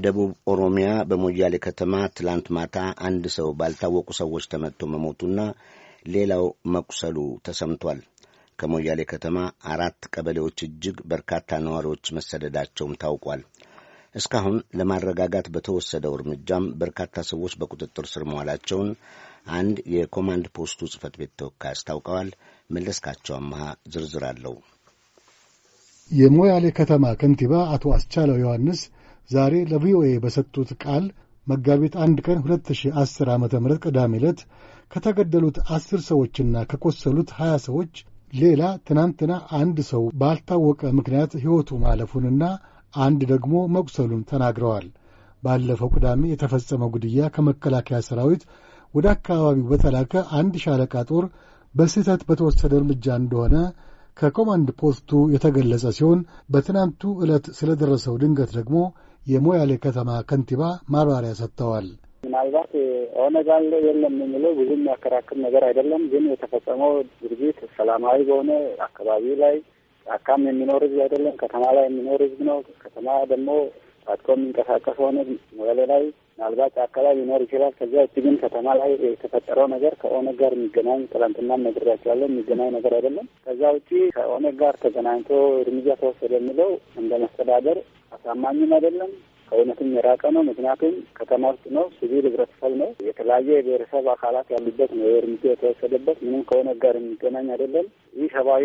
በደቡብ ኦሮሚያ በሞያሌ ከተማ ትላንት ማታ አንድ ሰው ባልታወቁ ሰዎች ተመትቶ መሞቱና ሌላው መቁሰሉ ተሰምቷል። ከሞያሌ ከተማ አራት ቀበሌዎች እጅግ በርካታ ነዋሪዎች መሰደዳቸውም ታውቋል። እስካሁን ለማረጋጋት በተወሰደው እርምጃም በርካታ ሰዎች በቁጥጥር ስር መዋላቸውን አንድ የኮማንድ ፖስቱ ጽህፈት ቤት ተወካይ አስታውቀዋል። መለስካቸው አመሃ ዝርዝር አለው። የሞያሌ ከተማ ከንቲባ አቶ አስቻለው ዮሐንስ ዛሬ ለቪኦኤ በሰጡት ቃል መጋቢት አንድ ቀን 2010 ዓ ም ቅዳሜ ዕለት ከተገደሉት ዐሥር ሰዎችና ከቆሰሉት 20 ሰዎች ሌላ ትናንትና አንድ ሰው ባልታወቀ ምክንያት ሕይወቱ ማለፉንና አንድ ደግሞ መቁሰሉን ተናግረዋል። ባለፈው ቅዳሜ የተፈጸመው ግድያ ከመከላከያ ሰራዊት ወደ አካባቢው በተላከ አንድ ሻለቃ ጦር በስህተት በተወሰደ እርምጃ እንደሆነ ከኮማንድ ፖስቱ የተገለጸ ሲሆን በትናንቱ ዕለት ስለደረሰው ድንገት ደግሞ የሞያሌ ከተማ ከንቲባ ማብራሪያ ሰጥተዋል። ምናልባት ኦነግ አለ የለም የሚለው ብዙ የሚያከራክር ነገር አይደለም። ግን የተፈጸመው ድርጊት ሰላማዊ በሆነ አካባቢ ላይ ጫካም የሚኖር ህዝብ አይደለም፣ ከተማ ላይ የሚኖር ህዝብ ነው። ከተማ ደግሞ ታጥቆ የሚንቀሳቀስ ሆነ ሞያሌ ላይ ምናልባት ጫካ ላይ ሊኖር ይችላል። ከዚያ ውጭ ግን ከተማ ላይ የተፈጠረው ነገር ከኦነግ ጋር የሚገናኝ ትላንትና ነግሬያቸዋለሁ፣ የሚገናኝ ነገር አይደለም። ከዛ ውጭ ከኦነግ ጋር ተገናኝቶ እርምጃ ተወሰደ የሚለው እንደ መስተዳደር ታማኝም አይደለም፣ ከእውነትም የራቀ ነው። ምክንያቱም ከተማ ውስጥ ነው፣ ሲቪል ህብረተሰብ ነው፣ የተለያየ የብሔረሰብ አካላት ያሉበት ነው እርምጃ የተወሰደበት። ምንም ከእውነት ጋር የሚገናኝ አይደለም። ይህ ሰብአዊ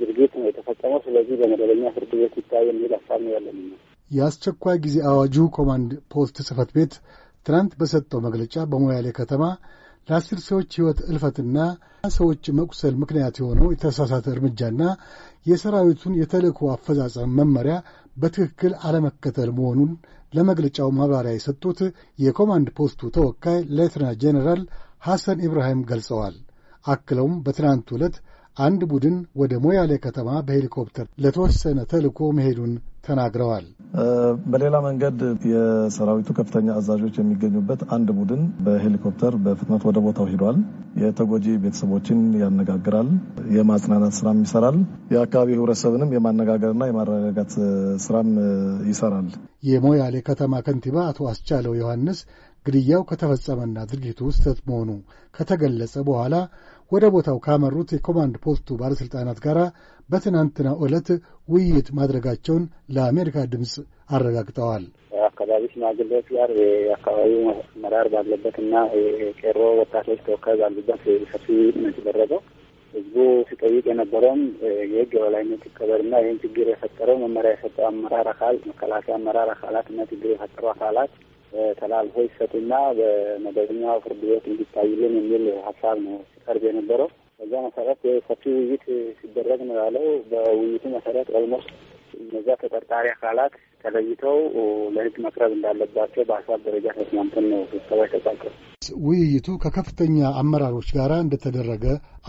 ድርጊት ነው የተፈጸመው። ስለዚህ በመደበኛ ፍርድ ቤት ይታይ የሚል ሀሳብ ነው ያለን። የአስቸኳይ ጊዜ አዋጁ ኮማንድ ፖስት ጽህፈት ቤት ትናንት በሰጠው መግለጫ በሞያሌ ከተማ ለአስር ሰዎች ሕይወት እልፈትና ሰዎች መቁሰል ምክንያት የሆነው የተሳሳተ እርምጃና የሰራዊቱን የተልእኮ አፈጻጸም መመሪያ በትክክል አለመከተል መሆኑን ለመግለጫው ማብራሪያ የሰጡት የኮማንድ ፖስቱ ተወካይ ሌትና ጄኔራል ሐሰን ኢብራሂም ገልጸዋል። አክለውም በትናንት ዕለት አንድ ቡድን ወደ ሞያሌ ከተማ በሄሊኮፕተር ለተወሰነ ተልዕኮ መሄዱን ተናግረዋል። በሌላ መንገድ የሰራዊቱ ከፍተኛ አዛዦች የሚገኙበት አንድ ቡድን በሄሊኮፕተር በፍጥነት ወደ ቦታው ሂዷል። የተጎጂ ቤተሰቦችን ያነጋግራል፣ የማጽናናት ስራም ይሰራል። የአካባቢ ህብረተሰብንም የማነጋገርና የማረጋጋት ስራም ይሰራል። የሞያሌ ከተማ ከንቲባ አቶ አስቻለው ዮሐንስ ግድያው ከተፈጸመና ድርጊቱ ስህተት መሆኑ ከተገለጸ በኋላ ወደ ቦታው ካመሩት የኮማንድ ፖስቱ ባለሥልጣናት ጋር በትናንትናው ዕለት ውይይት ማድረጋቸውን ለአሜሪካ ድምፅ አረጋግጠዋል። አካባቢ ሽማግሌዎች ጋር የአካባቢ መራር ባለበት እና የቄሮ ወጣቶች ተወካይ ባሉበት ሰፊ የተደረገው። ህዝቡ ሲጠይቅ የነበረውም የህግ የበላይነት ይከበርና ይህን ችግር የፈጠረው መመሪያ የሰጠው አመራር አካል መከላከያ አመራር አካላት እና ችግር የፈጠሩ አካላት ተላልፎ ይሰጡና በመደበኛው ፍርድ ቤት እንዲታይልን የሚል ሀሳብ ነው ሲቀርብ የነበረው። በዛ መሰረት ሰፊ ውይይት ሲደረግ ነው ያለው። በውይይቱ መሰረት ኦልሞስት እነዚያ ተጠርጣሪ አካላት ተለይተው ለህግ መቅረብ እንዳለባቸው በሀሳብ ደረጃ ተስማምተን ነው ስብሰባ የተጻቀ። ውይይቱ ከከፍተኛ አመራሮች ጋር እንደተደረገ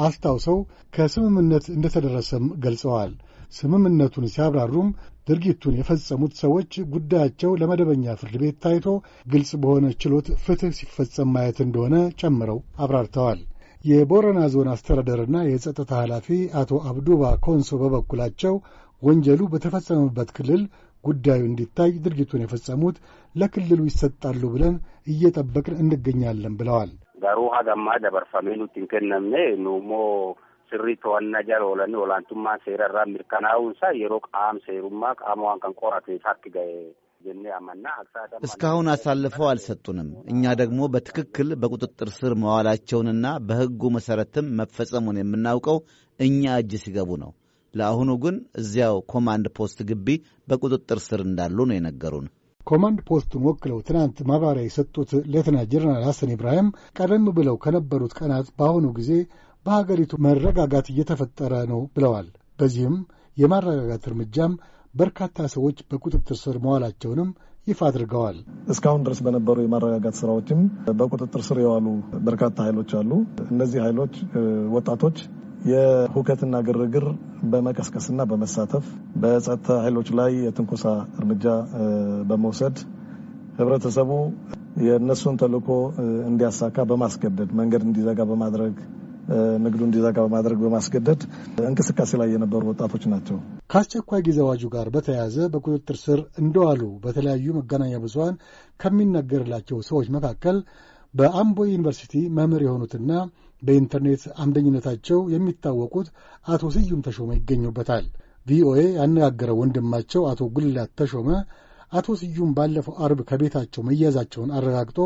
አስታውሰው ከስምምነት እንደተደረሰም ገልጸዋል። ስምምነቱን ሲያብራሩም ድርጊቱን የፈጸሙት ሰዎች ጉዳያቸው ለመደበኛ ፍርድ ቤት ታይቶ ግልጽ በሆነ ችሎት ፍትሕ ሲፈጸም ማየት እንደሆነ ጨምረው አብራርተዋል። የቦረና ዞን አስተዳደርና የጸጥታ ኃላፊ አቶ አብዱባ ኮንሶ በበኩላቸው ወንጀሉ በተፈጸመበት ክልል ጉዳዩ እንዲታይ ድርጊቱን የፈጸሙት ለክልሉ ይሰጣሉ ብለን እየጠበቅን እንገኛለን ብለዋል። ገሩ ሀገማ ደበርፈሜ ኑቲን ኑሞ sirri to'annaa jala oolanni olaantummaa seerarraa mirkanaa'uunsaa yeroo qaam seerummaa qaama waan kan qorateef harki gahe jenne አመና እስካሁን አሳልፈው አልሰጡንም። እኛ ደግሞ በትክክል በቁጥጥር ስር መዋላቸውንና በሕጉ መሠረትም መፈጸሙን የምናውቀው እኛ እጅ ሲገቡ ነው። ለአሁኑ ግን እዚያው ኮማንድ ፖስት ግቢ በቁጥጥር ስር እንዳሉ ነው የነገሩን። ኮማንድ ፖስቱን ወክለው ትናንት ማብራሪያ የሰጡት ሌተና ጀነራል ሐሰን ኢብራሂም ቀደም ብለው ከነበሩት ቀናት በአሁኑ ጊዜ በሀገሪቱ መረጋጋት እየተፈጠረ ነው ብለዋል። በዚህም የማረጋጋት እርምጃም በርካታ ሰዎች በቁጥጥር ስር መዋላቸውንም ይፋ አድርገዋል። እስካሁን ድረስ በነበሩ የማረጋጋት ስራዎችም በቁጥጥር ስር የዋሉ በርካታ ኃይሎች አሉ። እነዚህ ኃይሎች ወጣቶች የሁከትና ግርግር በመቀስቀስና በመሳተፍ በጸጥታ ኃይሎች ላይ የትንኮሳ እርምጃ በመውሰድ ህብረተሰቡ የእነሱን ተልዕኮ እንዲያሳካ በማስገደድ መንገድ እንዲዘጋ በማድረግ ንግዱ እንዲዘጋ በማድረግ በማስገደድ እንቅስቃሴ ላይ የነበሩ ወጣቶች ናቸው። ከአስቸኳይ ጊዜ አዋጁ ጋር በተያያዘ በቁጥጥር ስር እንደዋሉ በተለያዩ መገናኛ ብዙሀን ከሚነገርላቸው ሰዎች መካከል በአምቦ ዩኒቨርሲቲ መምህር የሆኑትና በኢንተርኔት አምደኝነታቸው የሚታወቁት አቶ ስዩም ተሾመ ይገኙበታል። ቪኦኤ ያነጋገረው ወንድማቸው አቶ ጉልላት ተሾመ አቶ ስዩም ባለፈው አርብ ከቤታቸው መያዛቸውን አረጋግጦ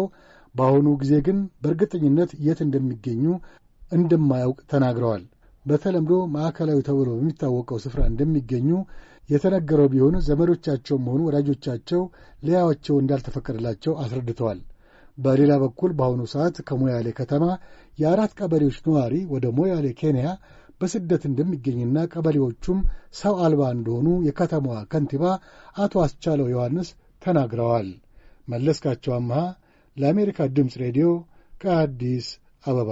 በአሁኑ ጊዜ ግን በእርግጠኝነት የት እንደሚገኙ እንደማያውቅ ተናግረዋል። በተለምዶ ማዕከላዊ ተብሎ በሚታወቀው ስፍራ እንደሚገኙ የተነገረው ቢሆን ዘመዶቻቸውም ሆኑ ወዳጆቻቸው ሊያያቸው እንዳልተፈቀደላቸው አስረድተዋል። በሌላ በኩል በአሁኑ ሰዓት ከሞያሌ ከተማ የአራት ቀበሌዎች ነዋሪ ወደ ሞያሌ ኬንያ በስደት እንደሚገኝና ቀበሌዎቹም ሰው አልባ እንደሆኑ የከተማዋ ከንቲባ አቶ አስቻለው ዮሐንስ ተናግረዋል። መለስካቸው አምሃ ለአሜሪካ ድምፅ ሬዲዮ ከአዲስ አበባ